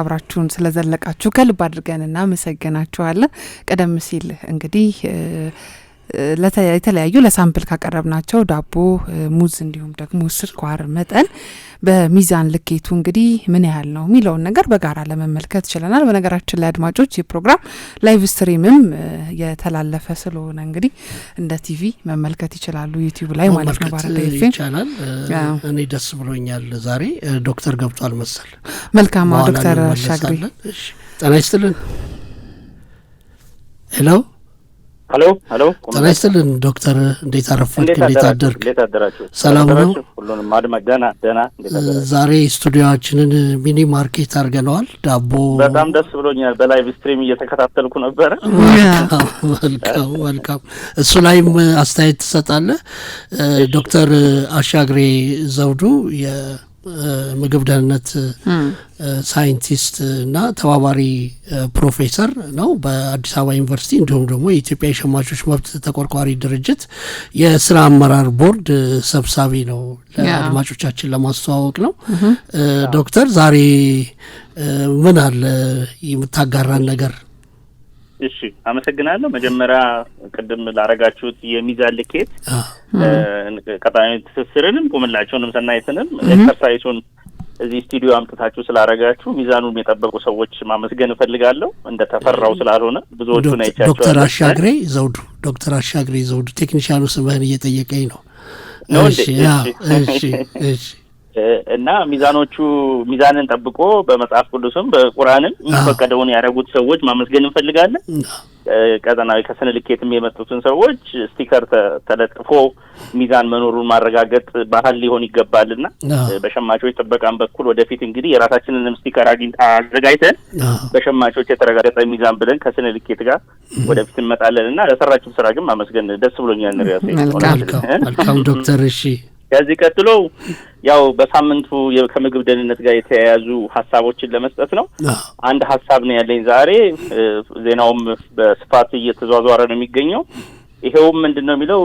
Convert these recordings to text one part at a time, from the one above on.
አብራችሁን ስለዘለቃችሁ ከልብ አድርገን እናመሰግናችኋለን። ቀደም ሲል እንግዲህ የተለያዩ ለሳምፕል ካቀረብናቸው ዳቦ፣ ሙዝ እንዲሁም ደግሞ ስኳር መጠን በሚዛን ልኬቱ እንግዲህ ምን ያህል ነው የሚለውን ነገር በጋራ ለመመልከት ችለናል። በነገራችን ላይ አድማጮች የፕሮግራም ላይቭ ስትሪምም የተላለፈ ስለሆነ እንግዲህ እንደ ቲቪ መመልከት ይችላሉ፣ ዩቲዩብ ላይ ማለት ነው። ይቻላል። እኔ ደስ ብሎኛል። ዛሬ ዶክተር ገብቷል መሰል። መልካም ዶክተር አሻግሪ ጤና ይስጥልን። ሄሎ ሀሎ ሀሎ፣ ጤና ይስጥልን ዶክተር። እንዴት አረፈድክ? እንዴት አደርክ? እንዴት አደራችሁ? ሰላም ነው? ሁሉንም አድማጭ ደህና ደህና። ዛሬ ስቱዲዮችንን ሚኒ ማርኬት አድርገነዋል። ዳቦ በጣም ደስ ብሎኛል። በላይቭ ስትሪም እየተከታተልኩ ነበረ። መልካም መልካም። እሱ ላይም አስተያየት ትሰጣለህ ዶክተር አሻግሬ ዘውዱ የ ምግብ ደህንነት ሳይንቲስት እና ተባባሪ ፕሮፌሰር ነው በአዲስ አበባ ዩኒቨርሲቲ። እንዲሁም ደግሞ የኢትዮጵያ የሸማቾች መብት ተቆርቋሪ ድርጅት የስራ አመራር ቦርድ ሰብሳቢ ነው። ለአድማጮቻችን ለማስተዋወቅ ነው። ዶክተር ዛሬ ምን አለ የምታጋራን ነገር? እሺ አመሰግናለሁ። መጀመሪያ ቅድም ላረጋችሁት የሚዛን ልኬት ቀጣሚ ትስስርንም ቁምላቸውንም ሰናይትንም ኤክሰርሳይሱን እዚህ ስቱዲዮ አምጥታችሁ ስላረጋችሁ ሚዛኑን የጠበቁ ሰዎች ማመስገን እፈልጋለሁ። እንደ ተፈራው ስላልሆነ ብዙዎቹ አይቻቸዋለሁ። ዶክተር አሻግሬ ዘውዱ ዶክተር አሻግሬ ዘውዱ ቴክኒሻኑ ስምህን እየጠየቀኝ ነው። እሺ እሺ እሺ እና ሚዛኖቹ ሚዛንን ጠብቆ በመጽሐፍ ቅዱስም በቁርአንም የሚፈቀደውን ያደረጉት ሰዎች ማመስገን እንፈልጋለን። ቀጠናዊ ከስነ ልኬትም የመጡትን ሰዎች ስቲከር ተለጥፎ ሚዛን መኖሩን ማረጋገጥ ባህል ሊሆን ይገባልና በሸማቾች ጥበቃን በኩል ወደፊት እንግዲህ የራሳችንንም ስቲከር አዘጋጅተን በሸማቾች የተረጋገጠ ሚዛን ብለን ከስነ ልኬት ጋር ወደፊት እንመጣለን እና ለሰራችሁ ስራ ግን ማመስገን ደስ ብሎኛል። ንሪያ መልካም ዶክተር እሺ ከዚህ ቀጥሎ ያው በሳምንቱ ከምግብ ደህንነት ጋር የተያያዙ ሀሳቦችን ለመስጠት ነው። አንድ ሀሳብ ነው ያለኝ ዛሬ። ዜናውም በስፋት እየተዟዟረ ነው የሚገኘው። ይሄውም ምንድን ነው የሚለው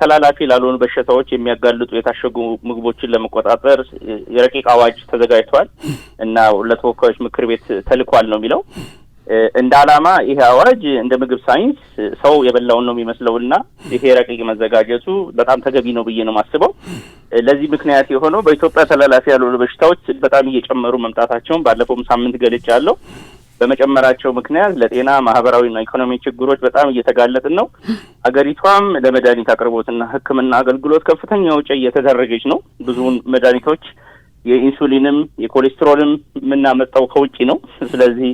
ተላላፊ ላልሆኑ በሽታዎች የሚያጋልጡ የታሸጉ ምግቦችን ለመቆጣጠር የረቂቅ አዋጅ ተዘጋጅቷል እና ለተወካዮች ምክር ቤት ተልኳል ነው የሚለው እንደ አላማ ይሄ አዋጅ እንደ ምግብ ሳይንስ ሰው የበላውን ነው የሚመስለውና ይሄ ረቂቅ መዘጋጀቱ በጣም ተገቢ ነው ብዬ ነው የማስበው። ለዚህ ምክንያት የሆነው በኢትዮጵያ ተላላፊ ያልሆኑ በሽታዎች በጣም እየጨመሩ መምጣታቸውን ባለፈውም ሳምንት ገልጫለሁ። በመጨመራቸው ምክንያት ለጤና ማህበራዊና ኢኮኖሚ ችግሮች በጣም እየተጋለጥን ነው። ሀገሪቷም ለመድኃኒት አቅርቦትና ሕክምና አገልግሎት ከፍተኛ ውጪ እየተደረገች ነው። ብዙውን መድኃኒቶች የኢንሱሊንም የኮሌስትሮልም የምናመጣው ከውጭ ነው። ስለዚህ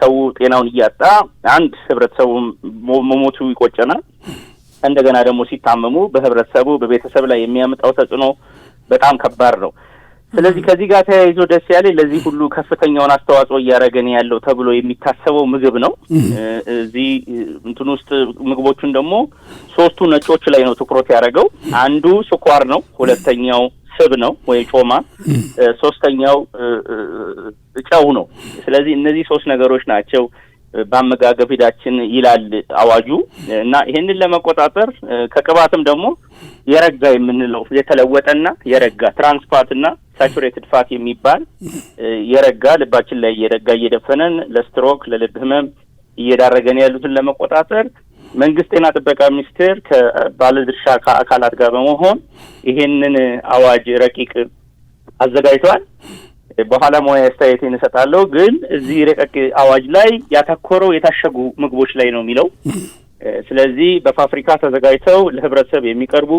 ሰው ጤናውን እያጣ አንድ ህብረተሰቡ መሞቱ ይቆጨናል። እንደገና ደግሞ ሲታመሙ በህብረተሰቡ በቤተሰብ ላይ የሚያመጣው ተጽዕኖ በጣም ከባድ ነው። ስለዚህ ከዚህ ጋር ተያይዞ ደስ ያሌ ለዚህ ሁሉ ከፍተኛውን አስተዋጽኦ እያደረገን ያለው ተብሎ የሚታሰበው ምግብ ነው። እዚህ እንትን ውስጥ ምግቦቹን ደግሞ ሶስቱ ነጮች ላይ ነው ትኩረት ያደረገው። አንዱ ስኳር ነው። ሁለተኛው ስብ ነው ወይ ጮማ፣ ሶስተኛው ጨው ነው። ስለዚህ እነዚህ ሶስት ነገሮች ናቸው በአመጋገብ ሂዳችን ይላል አዋጁ እና ይህንን ለመቆጣጠር ከቅባትም ደግሞ የረጋ የምንለው የተለወጠና የረጋ ትራንስፓትና ሳቹሬትድ ፋት የሚባል የረጋ ልባችን ላይ እየረጋ እየደፈነን ለስትሮክ ለልብ ህመም እየዳረገን ያሉትን ለመቆጣጠር መንግስት ጤና ጥበቃ ሚኒስቴር ከባለድርሻ አካላት ጋር በመሆን ይሄንን አዋጅ ረቂቅ አዘጋጅተዋል። በኋላ ሙያ አስተያየት እንሰጣለሁ ግን እዚህ ረቀቅ አዋጅ ላይ ያተኮረው የታሸጉ ምግቦች ላይ ነው የሚለው። ስለዚህ በፋብሪካ ተዘጋጅተው ለህብረተሰብ የሚቀርቡ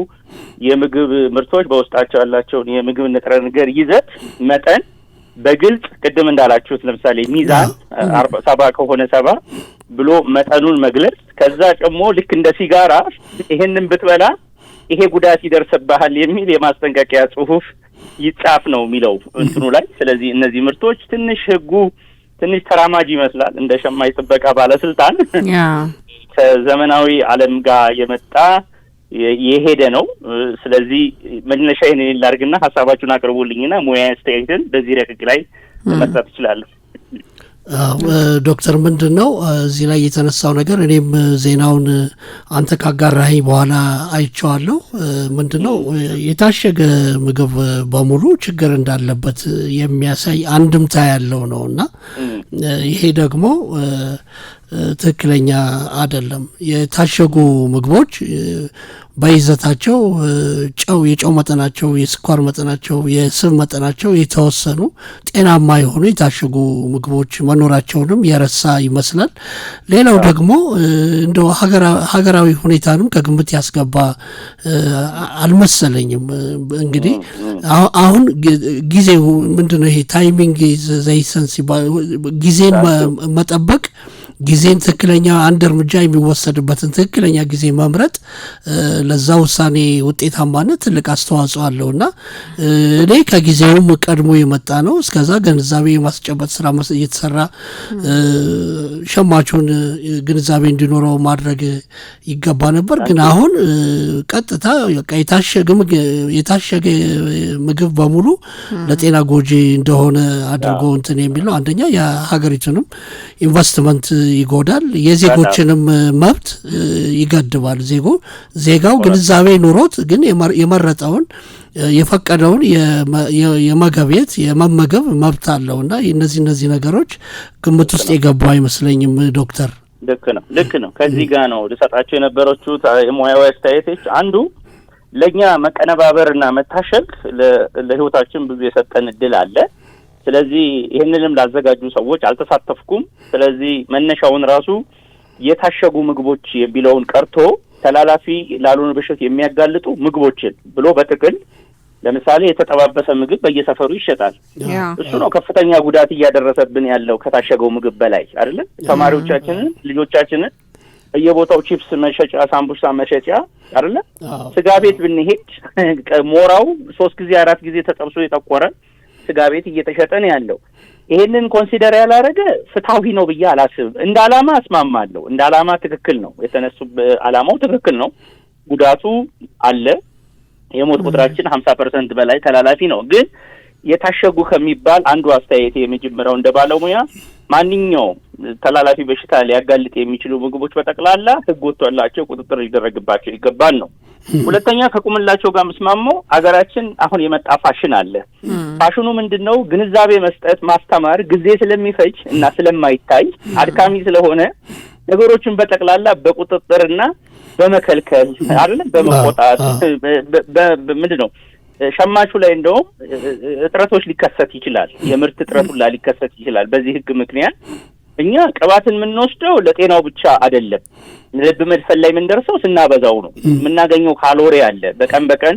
የምግብ ምርቶች በውስጣቸው ያላቸውን የምግብ ንጥረ ነገር ይዘት መጠን በግልጽ ቅድም እንዳላችሁት ለምሳሌ ሚዛን ሰባ ከሆነ ሰባ ብሎ መጠኑን መግለጽ። ከዛ ጨሞ ልክ እንደ ሲጋራ ይሄንን ብትበላ ይሄ ጉዳት ይደርስብሃል የሚል የማስጠንቀቂያ ጽሁፍ ይጻፍ ነው የሚለው እንትኑ ላይ። ስለዚህ እነዚህ ምርቶች ትንሽ ህጉ ትንሽ ተራማጅ ይመስላል እንደ ሸማኝ ጥበቃ ባለስልጣን ከዘመናዊ ዓለም ጋር የመጣ የሄደ ነው። ስለዚህ መነሻ ይህን ላድርግና ሀሳባችሁን አቅርቡልኝና ሙያ ስቴትን በዚህ ረቅቅ ላይ መስራት እችላለሁ። ዶክተር ምንድን ነው እዚህ ላይ የተነሳው ነገር? እኔም ዜናውን አንተ ካጋራኸኝ በኋላ አይቸዋለሁ። ምንድን ነው የታሸገ ምግብ በሙሉ ችግር እንዳለበት የሚያሳይ አንድምታ ያለው ነው እና ይሄ ደግሞ ትክክለኛ አይደለም። የታሸጉ ምግቦች በይዘታቸው ጨው የጨው መጠናቸው፣ የስኳር መጠናቸው፣ የስብ መጠናቸው የተወሰኑ ጤናማ የሆኑ የታሸጉ ምግቦች መኖራቸውንም የረሳ ይመስላል። ሌላው ደግሞ እንደ ሀገራዊ ሁኔታንም ከግምት ያስገባ አልመሰለኝም። እንግዲህ አሁን ጊዜው ምንድነው? ይሄ ታይሚንግ ዘይሰንስ ጊዜን መጠበቅ ጊዜን ትክክለኛ አንድ እርምጃ የሚወሰድበትን ትክክለኛ ጊዜ መምረጥ ለዛ ውሳኔ ውጤታማነት ትልቅ አስተዋጽኦ አለው እና እኔ ከጊዜውም ቀድሞ የመጣ ነው። እስከዛ ግንዛቤ የማስጨበጥ ስራ እየተሰራ ሸማቹን ግንዛቤ እንዲኖረው ማድረግ ይገባ ነበር። ግን አሁን ቀጥታ የታሸገ ምግብ በሙሉ ለጤና ጎጂ እንደሆነ አድርጎ እንትን የሚለው አንደኛ የሀገሪቱንም ኢንቨስትመንት ይጎዳል፣ የዜጎችንም መብት ይገድባል። ዜጎ ዜጋው ግንዛቤ ኑሮት ግን የመረጠውን የፈቀደውን የመገቤት የመመገብ መብት አለው እና እነዚህ እነዚህ ነገሮች ግምት ውስጥ የገቡ አይመስለኝም ዶክተር። ልክ ነው ልክ ነው። ከዚህ ጋር ነው ልሰጣቸው የነበረችት የሙያዊ አስተያየቶች አንዱ ለእኛ መቀነባበርና መታሸግ ለህይወታችን ብዙ የሰጠን እድል አለ ስለዚህ ይህንንም ላዘጋጁ ሰዎች አልተሳተፍኩም። ስለዚህ መነሻውን ራሱ የታሸጉ ምግቦች የሚለውን ቀርቶ ተላላፊ ላልሆነ በሽታ የሚያጋልጡ ምግቦችን ብሎ በጥቅል ለምሳሌ የተጠባበሰ ምግብ በየሰፈሩ ይሸጣል። እሱ ነው ከፍተኛ ጉዳት እያደረሰብን ያለው ከታሸገው ምግብ በላይ አይደለ? ተማሪዎቻችንን፣ ልጆቻችንን በየቦታው ቺፕስ መሸጫ፣ ሳምቡሳ መሸጫ አይደለ? ስጋ ቤት ብንሄድ ሞራው ሶስት ጊዜ አራት ጊዜ ተጠብሶ የጠቆረ ስጋ ቤት እየተሸጠ ነው ያለው። ይሄንን ኮንሲደር ያላረገ ፍትሐዊ ነው ብዬ አላስብም። እንደ አላማ አስማማለሁ። እንደ አላማ ትክክል ነው የተነሱ አላማው ትክክል ነው። ጉዳቱ አለ። የሞት ቁጥራችን ሀምሳ ፐርሰንት በላይ ተላላፊ ነው። ግን የታሸጉ ከሚባል አንዱ አስተያየት የመጀመሪያው እንደ ባለሙያ ማንኛውም ተላላፊ በሽታ ሊያጋልጥ የሚችሉ ምግቦች በጠቅላላ ህግ ወጥቶላቸው ቁጥጥር ሊደረግባቸው ይገባል ነው። ሁለተኛ ከቁምላቸው ጋር ምስማሞ አገራችን አሁን የመጣ ፋሽን አለ። ፋሽኑ ምንድን ነው? ግንዛቤ መስጠት ማስተማር ጊዜ ስለሚፈጅ እና ስለማይታይ አድካሚ ስለሆነ ነገሮችን በጠቅላላ በቁጥጥርና በመከልከል አይደለም በመቆጣት ምንድን ነው ሸማቹ ላይ እንደውም እጥረቶች ሊከሰት ይችላል። የምርት እጥረቱ ሁላ ሊከሰት ይችላል በዚህ ህግ ምክንያት። እኛ ቅባትን የምንወስደው ለጤናው ብቻ አይደለም። ልብ መድፈን ላይ የምንደርሰው ስናበዛው ነው። የምናገኘው ካሎሪ አለ። በቀን በቀን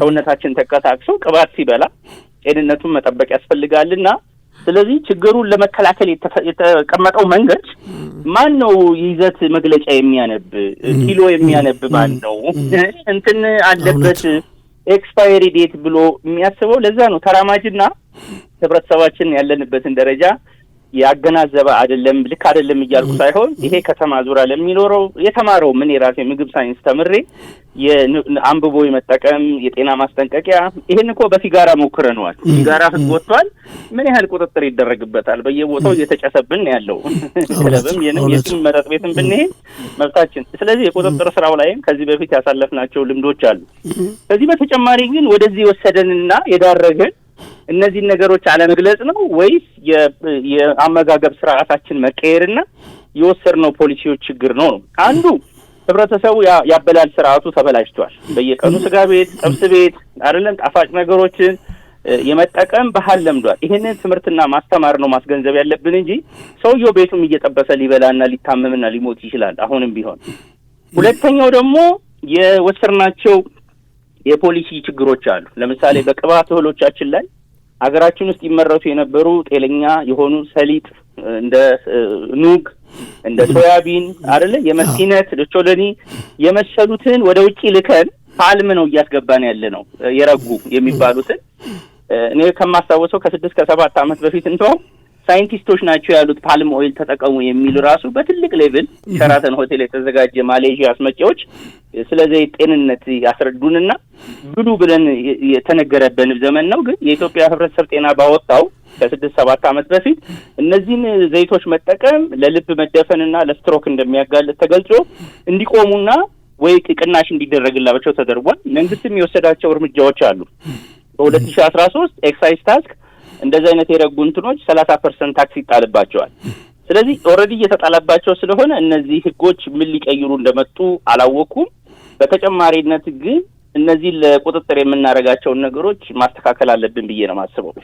ሰውነታችን ተንቀሳቅሶ ቅባት ሲበላ ጤንነቱን መጠበቅ ያስፈልጋልና ስለዚህ ችግሩን ለመከላከል የተቀመጠው መንገድ ማን ነው? ይዘት መግለጫ የሚያነብ ኪሎ የሚያነብ ማን ነው? እንትን አለበት ኤክስፓየሪ ዴት ብሎ የሚያስበው ለዛ ነው። ተራማጅና ህብረተሰባችን ያለንበትን ደረጃ ያገናዘበ አይደለም፣ ልክ አይደለም እያልኩ ሳይሆን ይሄ ከተማ ዙሪያ ለሚኖረው የተማረው ምን የራሴ ምግብ ሳይንስ ተምሬ አንብቦ የመጠቀም የጤና ማስጠንቀቂያ ይሄን እኮ በሲጋራ ሞክረነዋል። ሲጋራ ህግ ወጥቷል። ምን ያህል ቁጥጥር ይደረግበታል? በየቦታው እየተጨሰብን ያለው ክለብም፣ የትም መጠጥ ቤትም ብንሄድ መብታችን። ስለዚህ የቁጥጥር ስራው ላይም ከዚህ በፊት ያሳለፍናቸው ልምዶች አሉ። ከዚህ በተጨማሪ ግን ወደዚህ የወሰደንና የዳረገን እነዚህን ነገሮች አለመግለጽ ነው ወይስ የአመጋገብ ስርዓታችን መቀየርና የወሰድነው ፖሊሲዎች ችግር ነው? ነው አንዱ ህብረተሰቡ ያበላል ስርዓቱ ተበላሽቷል። በየቀኑ ስጋ ቤት፣ ጥብስ ቤት አይደለም ጣፋጭ ነገሮችን የመጠቀም ባህል ለምዷል። ይህንን ትምህርትና ማስተማር ነው ማስገንዘብ ያለብን እንጂ ሰውየው ቤቱም እየጠበሰ ሊበላና ሊታመምና ሊሞት ይችላል አሁንም ቢሆን። ሁለተኛው ደግሞ የወሰድናቸው የፖሊሲ ችግሮች አሉ። ለምሳሌ በቅባት እህሎቻችን ላይ ሀገራችን ውስጥ ይመረቱ የነበሩ ጤለኛ የሆኑ ሰሊጥ እንደ ኑግ እንደ ሶያቢን አደለ የመስኪነት ዶቾሎኒ የመሰሉትን ወደ ውጭ ልከን ፓልም ነው እያስገባን ያለ ነው የረጉ የሚባሉትን እኔ ከማስታወሰው ከስድስት ከሰባት ዓመት በፊት እንተው ሳይንቲስቶች ናቸው ያሉት ፓልም ኦይል ተጠቀሙ የሚል ራሱ በትልቅ ሌቭል ሸራተን ሆቴል የተዘጋጀ ማሌዥያ አስመጪዎች ስለ ዘይት ጤንነት ያስረዱንና ብሉ ብለን የተነገረበን ዘመን ነው። ግን የኢትዮጵያ ሕብረተሰብ ጤና ባወጣው ከስድስት ሰባት ዓመት በፊት እነዚህን ዘይቶች መጠቀም ለልብ መደፈንና ለስትሮክ እንደሚያጋልጥ ተገልጾ እንዲቆሙና ወይ ቅናሽ እንዲደረግላቸው ተደርጓል። መንግስትም የወሰዳቸው እርምጃዎች አሉ። በሁለት ሺ አስራ ሶስት ኤክሳይዝ ታስክ እንደዚህ አይነት የረጉ እንትኖች ሰላሳ ፐርሰንት ታክስ ይጣልባቸዋል። ስለዚህ ኦልሬዲ እየተጣለባቸው ስለሆነ እነዚህ ህጎች ምን ሊቀይሩ እንደመጡ አላወቅኩም። በተጨማሪነት ግን እነዚህ ለቁጥጥር የምናደርጋቸውን ነገሮች ማስተካከል አለብን ብዬ ነው የማስበው።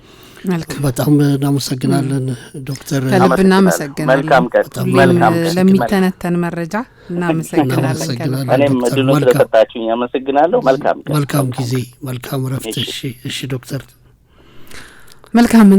በጣም እናመሰግናለን ዶክተር ከልብ እናመሰግናለን። ለሚተነተን መረጃ እናመሰግናለን። እኔም እድሉን ስለሰጣችሁኝ አመሰግናለሁ። መልካም መልካም ጊዜ፣ መልካም እረፍት። እሺ ዶክተር መልካም